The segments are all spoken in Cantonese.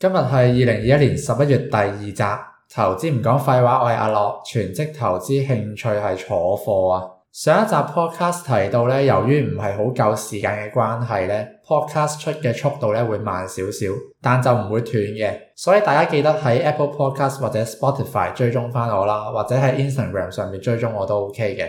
今日係二零二一年十一月第二集，投資唔講廢話，我係阿樂，全職投資興趣係坐貨啊！上一集 Podcast 提到咧，由於唔係好夠時間嘅關係咧，Podcast 出嘅速度咧會慢少少，但就唔會斷嘅，所以大家記得喺 Apple Podcast 或者 Spotify 追蹤翻我啦，或者喺 Instagram 上面追蹤我都 OK 嘅。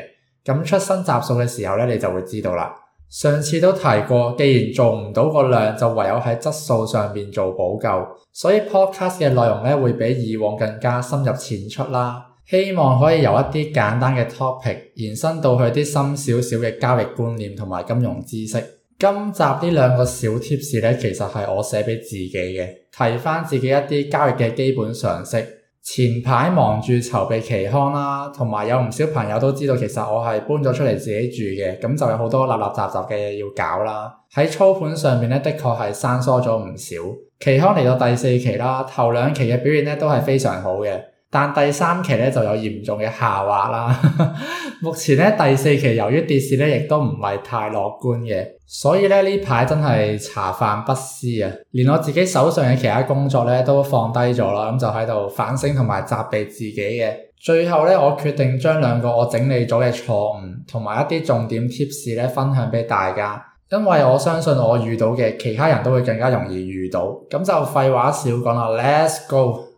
咁出新集數嘅時候咧，你就會知道啦。上次都提過，既然做唔到個量，就唯有喺質素上面做補救，所以 Podcast 嘅內容咧會比以往更加深入淺出啦。希望可以由一啲簡單嘅 topic 延伸到去啲深少少嘅交易觀念同埋金融知識。今集呢兩個小貼士呢，其實係我寫俾自己嘅，提翻自己一啲交易嘅基本常識。前排忙住籌備期康啦，同埋有唔少朋友都知道，其實我係搬咗出嚟自己住嘅，咁就有好多立立雜雜嘅嘢要搞啦。喺操盤上面咧，的確係生疏咗唔少。期康嚟到第四期啦，頭兩期嘅表現呢都係非常好嘅。但第三期咧就有嚴重嘅下滑啦。 目前咧第四期由於跌市咧，亦都唔係太樂觀嘅，所以咧呢排真係茶飯不思啊！連我自己手上嘅其他工作咧都放低咗啦，咁就喺度反省同埋責備自己嘅。最後咧，我決定將兩個我整理咗嘅錯誤同埋一啲重點 tips 咧分享俾大家，因為我相信我遇到嘅其他人都會更加容易遇到。咁就廢話少講啦，Let's go！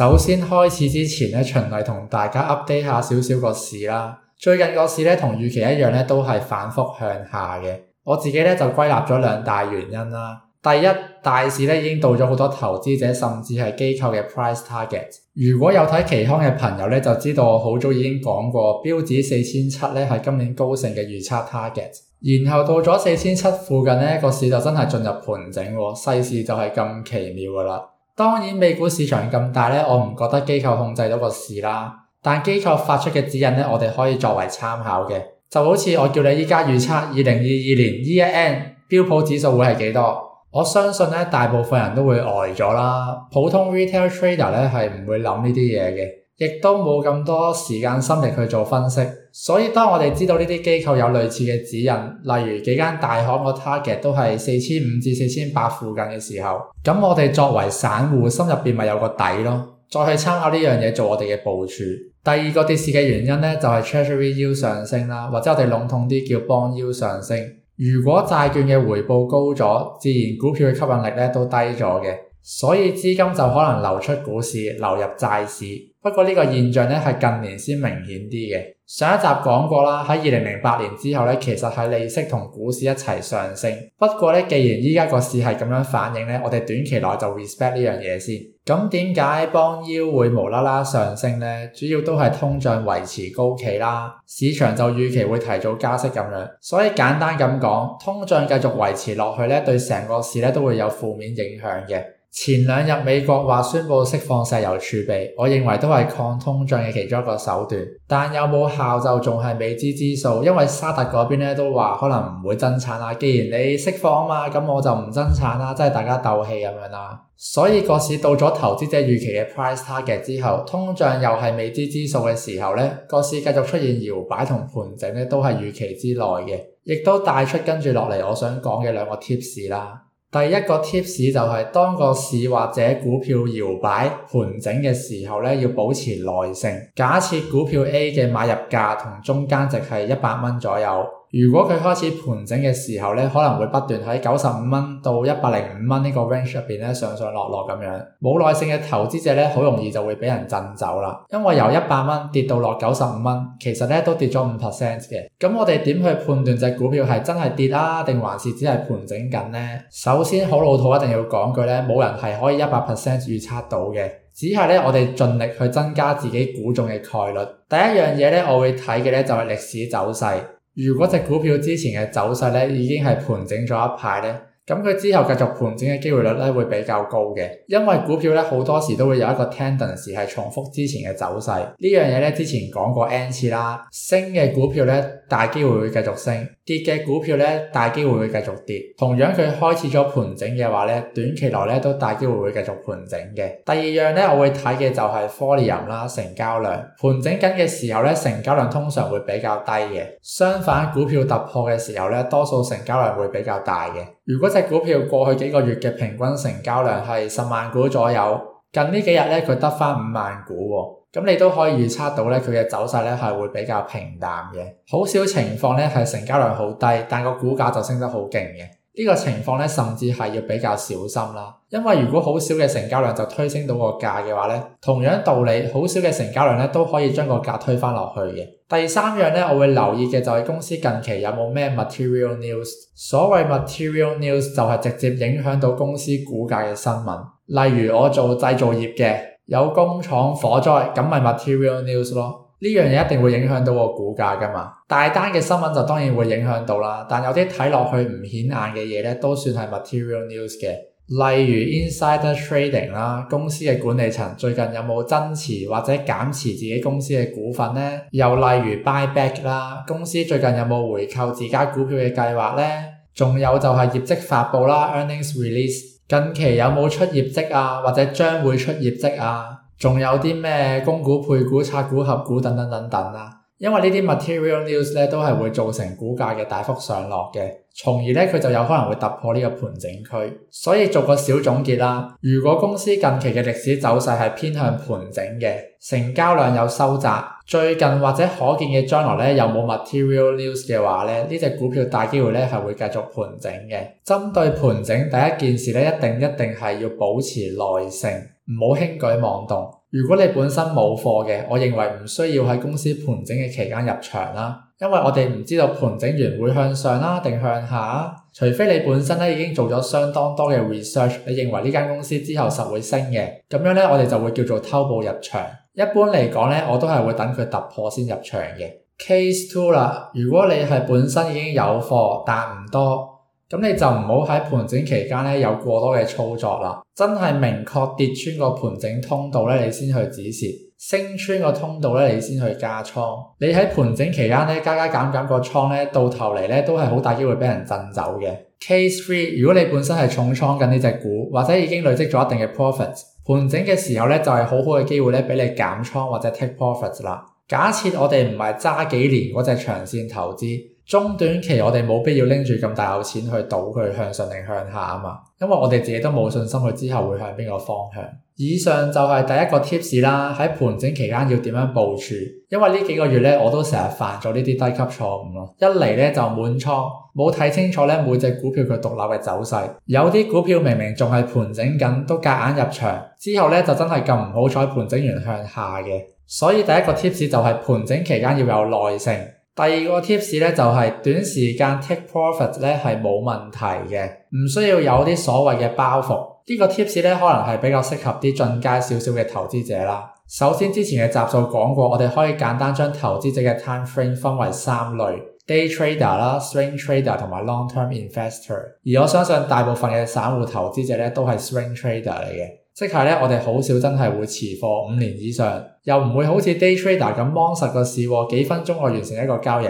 首先開始之前咧，循例同大家 update 下少少個市啦。最近個市咧同預期一樣咧，都係反覆向下嘅。我自己咧就歸納咗兩大原因啦。第一，大市咧已經到咗好多投資者甚至係機構嘅 price target。如果有睇期康嘅朋友咧，就知道我好早已經講過標指四千七咧係今年高盛嘅預測 target。然後到咗四千七附近咧，個市就真係進入盤整，啊，世事就係咁奇妙噶啦。當然，美股市場咁大咧，我唔覺得機構控制到個市啦。但機構發出嘅指引咧，我哋可以作為參考嘅。就好似我叫你依家預測2022年 year-end 標普指數會係幾多，我相信咧大部分人都會呆咗啦。普通 retail trader 咧係唔會諗呢啲嘢嘅。亦都冇咁多時間心力去做分析，所以當我哋知道呢啲機構有類似嘅指引，例如幾間大行個 target 都係四千五至四千八附近嘅時候，咁我哋作為散戶心入邊咪有個底咯，再去參考呢樣嘢做我哋嘅部署。第二個跌市嘅原因咧，就係 treasury U 上升啦，或者我哋籠統啲叫 bond 要上升。如果債券嘅回報高咗，自然股票嘅吸引力咧都低咗嘅。所以資金就可能流出股市，流入債市，不過呢個現象咧係近年先明顯啲嘅。上一集講過啦，喺二零零八年之後咧，其實係利息同股市一齊上升。不過咧，既然依家個市係咁樣反應咧，我哋短期內就 respect 呢樣嘢先。咁點解 bond yield 會無啦啦上升呢？主要都係通脹維持高企啦，市場就預期會提早加息咁樣。所以簡單咁講，通脹繼續，續維持落去咧，對成個市咧都會有負面影響嘅。前兩日美國話宣佈釋放石油儲備，我認為都係抗通脹嘅其中一個手段，但有冇效就仲係未知之數。因為沙特嗰邊咧都話可能唔會增產啦，既然你釋放啊嘛，咁我就唔增產啦，即係大家鬥氣咁樣啦。所以個市到咗投資者預期嘅 price target 之後，通脹又係未知之數嘅時候呢，個市繼續出現搖擺同盤整咧都係預期之內嘅，亦都帶出跟住落嚟我想講嘅兩個 tips 啦。第一個 tips 就係當個市或者股票搖擺盤整嘅時候呢，要保持耐性。假設股票 A 嘅買入價同中間值係一百蚊左右。如果佢開始盤整嘅時候呢，可能會不斷喺九十五蚊到一百零五蚊呢個 range 入邊咧上上落落咁樣，冇耐性嘅投資者呢，好容易就會俾人震走啦。因為由一百蚊跌到落九十五蚊，其實呢都跌咗五 percent 嘅。咁我哋點去判斷隻股票係真係跌啦、啊，定還是只係盤整緊呢？首先好老土，一定要講句呢，冇人係可以一百 percent 預測到嘅。只係呢我哋盡力去增加自己估中嘅概率。第一樣嘢呢，我會睇嘅呢就係歷史走勢。如果隻股票之前嘅走勢已經係盤整咗一排咧，咁佢之後繼續盤整嘅機會率咧會比較高嘅，因為股票咧好多時都會有一個 tendency 係重複之前嘅走勢，呢樣嘢之前講過 n 次啦，升嘅股票呢，大機會會繼續升，跌嘅股票呢，大機會會繼續跌。同樣佢開始咗盤整嘅話呢，短期內呢，都大機會會繼續盤整嘅。第二樣呢，我會睇嘅就係 volume 啦，成交量。盤整緊嘅時候呢，成交量通常會比較低嘅。相反，股票突破嘅時候呢，多數成交量會比較大嘅。如果隻股票過去幾個月嘅平均成交量係十萬股左右。近呢幾日咧，佢得返五萬股，咁你都可以預測到咧，佢嘅走勢咧係會比較平淡嘅。好少情況咧係成交量好低，但個股價就升得好勁嘅。呢個情況咧甚至係要比較小心啦，因為如果好少嘅成交量就推升到個價嘅話咧，同樣道理，好少嘅成交量咧都可以將個價推返落去嘅。第三樣咧，我會留意嘅就係公司近期有冇咩 material news。所謂 material news 就係直接影響到公司股價嘅新聞。例如我做製造業嘅，有工廠火災，咁咪 material news 咯，呢樣嘢一定會影響到我股價噶嘛。大單嘅新聞就當然會影響到啦，但有啲睇落去唔顯眼嘅嘢咧，都算係 material news 嘅。例如 insider trading 啦，公司嘅管理層最近有冇增持或者減持自己公司嘅股份咧？又例如 buy back 啦，公司最近有冇回購自家股票嘅計劃咧？仲有就係業績發布啦，earnings release。近期有冇出業績啊？或者將會出業績啊？仲有啲咩供股、配股、拆股、合股等等等等等啊？因為呢啲 material news 咧都係會造成股價嘅大幅上落嘅，從而咧佢就有可能會突破呢個盤整區。所以做個小總結啦，如果公司近期嘅歷史走勢係偏向盤整嘅，成交量有收窄，最近或者可見嘅將來咧有冇 material news 嘅話咧，呢隻股票大機會咧係會繼續盤整嘅。針對盤整第一件事咧，一定一定係要保持耐性。唔好輕舉妄動。如果你本身冇貨嘅，我認為唔需要喺公司盤整嘅期間入場啦，因為我哋唔知道盤整完會向上啦定向下。除非你本身咧已經做咗相當多嘅 research，你認為呢間公司之後實會升嘅，咁樣咧我哋就會叫做偷步入場。一般嚟講咧，我都係會等佢突破先入場嘅。Case two 啦，如果你係本身已經有貨，但唔多。咁你就唔好喺盤整期間咧有過多嘅操作啦。真係明確跌穿個盤整通道咧，你先去指示；升穿個通道咧，你先去加倉。你喺盤整期間咧，加加減減個倉咧，到頭嚟咧都係好大機會俾人震走嘅。Case three，如果你本身係重倉緊呢隻股，或者已經累積咗一定嘅 profit，s 盤整嘅時候咧，就係好好嘅機會咧，俾你減倉或者 take profit s 啦。假設我哋唔係揸幾年嗰隻長線投資。中短期我哋冇必要拎住咁大嚿錢去賭佢向上定向下啊嘛，因為我哋自己都冇信心佢之後會向邊個方向。以上就係第一個 tips 啦，喺盤整期間要點樣部署，因為呢幾個月咧，我都成日犯咗呢啲低級錯誤咯。一嚟咧就滿倉，冇睇清楚咧每隻股票佢獨立嘅走勢，有啲股票明明仲係盤整緊都夾硬入場，之後咧就真係咁唔好彩盤整完向下嘅。所以第一個 tips 就係盤整期間要有耐性。第二個 tips 咧就係短時間 take profit 咧係冇問題嘅，唔需要有啲所謂嘅包袱。呢個 tips 咧可能係比較適合啲進階少少嘅投資者啦。首先之前嘅集數講過，我哋可以簡單將投資者嘅 time frame 分為三類：day trader 啦、swing trader 同埋 long term investor。而我相信大部分嘅散戶投資者咧都係 swing trader 嚟嘅。即係咧，我哋好少真係會持貨五年以上，又唔會好似 day trader 咁 mon 實個市，幾分鐘我完成一個交易。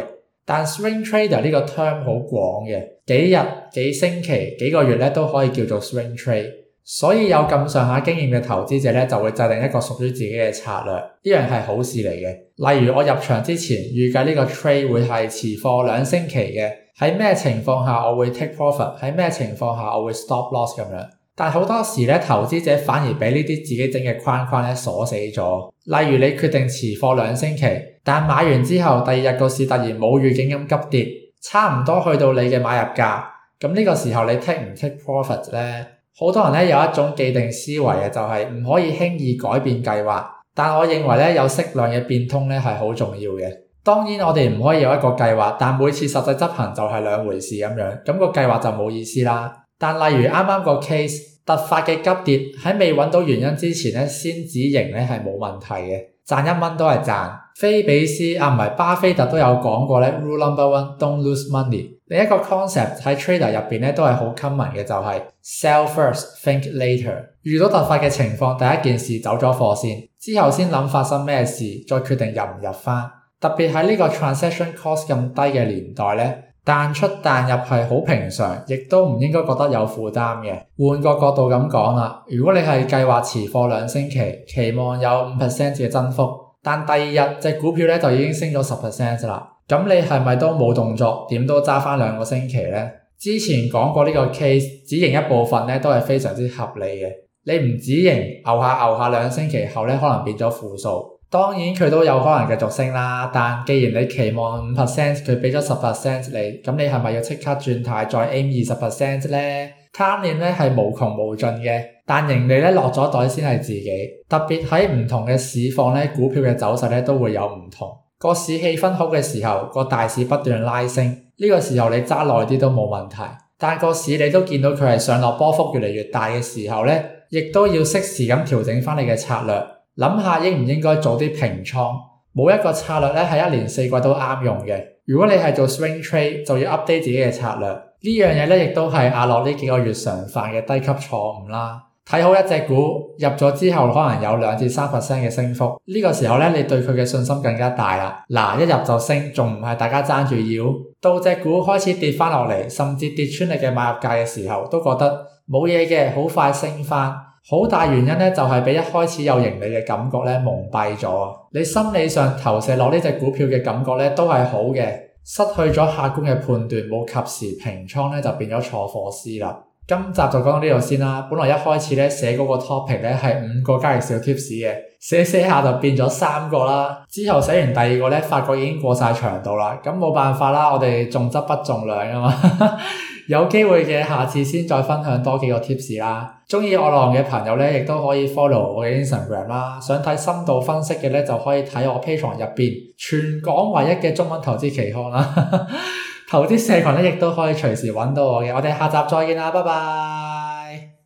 但 swing trader 呢個 term 好廣嘅，幾日、幾星期、幾個月咧都可以叫做 swing trade。所以有咁上下經驗嘅投資者咧，就會制定一個屬於自己嘅策略。呢樣係好事嚟嘅。例如我入場之前預計呢個 trade 會係持貨兩星期嘅，喺咩情況下我會 take profit，喺咩情況下我會 stop loss 咁樣。但好多時咧，投資者反而俾呢啲自己整嘅框框咧鎖死咗。例如你決定持貨兩星期，但係買完之後第二日個市突然冇預警咁急跌，差唔多去到你嘅買入價，咁呢個時候你 take 唔 take profit 咧？好多人咧有一種既定思維嘅，就係唔可以輕易改變計劃。但我認為咧有適量嘅變通咧係好重要嘅。當然我哋唔可以有一個計劃，但每次實際執行就係兩回事咁樣，咁、那個計劃就冇意思啦。但例如啱啱個 case 突發嘅急跌喺未揾到原因之前先止盈咧係冇問題嘅，賺一蚊都係賺。菲比斯啊唔係巴菲特都有講過咧，rule number one don't lose money。另一個 concept 喺 trader 入面都係好 common 嘅、就是，就係 sell first think later。遇到突發嘅情況，第一件事走咗貨先，之後先諗發生咩事，再決定入唔入翻。特別喺呢個 transaction cost 咁低嘅年代呢。彈出彈入係好平常，亦都唔應該覺得有負擔嘅。換個角度咁講啦，如果你係計劃持貨兩星期，期望有五 percent 嘅增幅，但第二日隻股票咧就已經升咗十 percent 啦，咁你係咪都冇動作，點都揸翻兩個星期呢？之前講過呢個 case，止盈一部分咧都係非常之合理嘅。你唔止盈，牛下牛下兩星期後咧，可能變咗負數。當然佢都有可能繼續升啦，但既然你期望五 percent，佢俾咗十 percent 你，咁你係咪要即刻轉態再 aim 二十 percent 咧？貪念咧係無窮無盡嘅，但盈利咧落咗袋先係自己。特別喺唔同嘅市況咧，股票嘅走勢咧都會有唔同。個市氣氛好嘅時候，個大市不斷拉升，呢個時候你揸耐啲都冇問題。但個市你都見到佢係上落波幅越嚟越大嘅時候咧，亦都要適時咁調整翻你嘅策略。諗下應唔應該做啲平倉？冇一個策略咧係一年四季都啱用嘅。如果你係做 swing trade，就要 update 自己嘅策略。這呢樣嘢咧亦都係阿樂呢幾個月常犯嘅低級錯誤啦。睇好一隻股入咗之後，可能有兩至三 percent 嘅升幅，呢、這個時候咧你對佢嘅信心更加大啦。嗱，一入就升，仲唔係大家爭住要？到隻股開始跌翻落嚟，甚至跌穿你嘅買入價嘅時候，都覺得冇嘢嘅，好快升翻。好大原因呢，就係俾一開始有盈利嘅感覺呢蒙蔽咗。你心理上投射落呢隻股票嘅感覺呢都係好嘅。失去咗客觀嘅判斷，冇及時平倉呢，就變咗錯貨師啦。今集就講到呢度先啦。本來一開始咧寫嗰個 topic 咧係五個交易小 t 士嘅，寫寫下就變咗三個啦。之後寫完第二個咧，發覺已經過晒長度啦。咁冇辦法啦，我哋重質不重量噶、啊、嘛。 有機會嘅下次先再分享多幾個 tips 啦。中意我浪嘅朋友咧，亦都可以 follow 我嘅 Instagram 啦。想睇深度分析嘅咧，就可以睇我 p a t e o 入邊全港唯一嘅中文投資期刊啦。 投資社群呢，亦都可以隨時揾到我嘅。我哋下集再見啦，拜拜。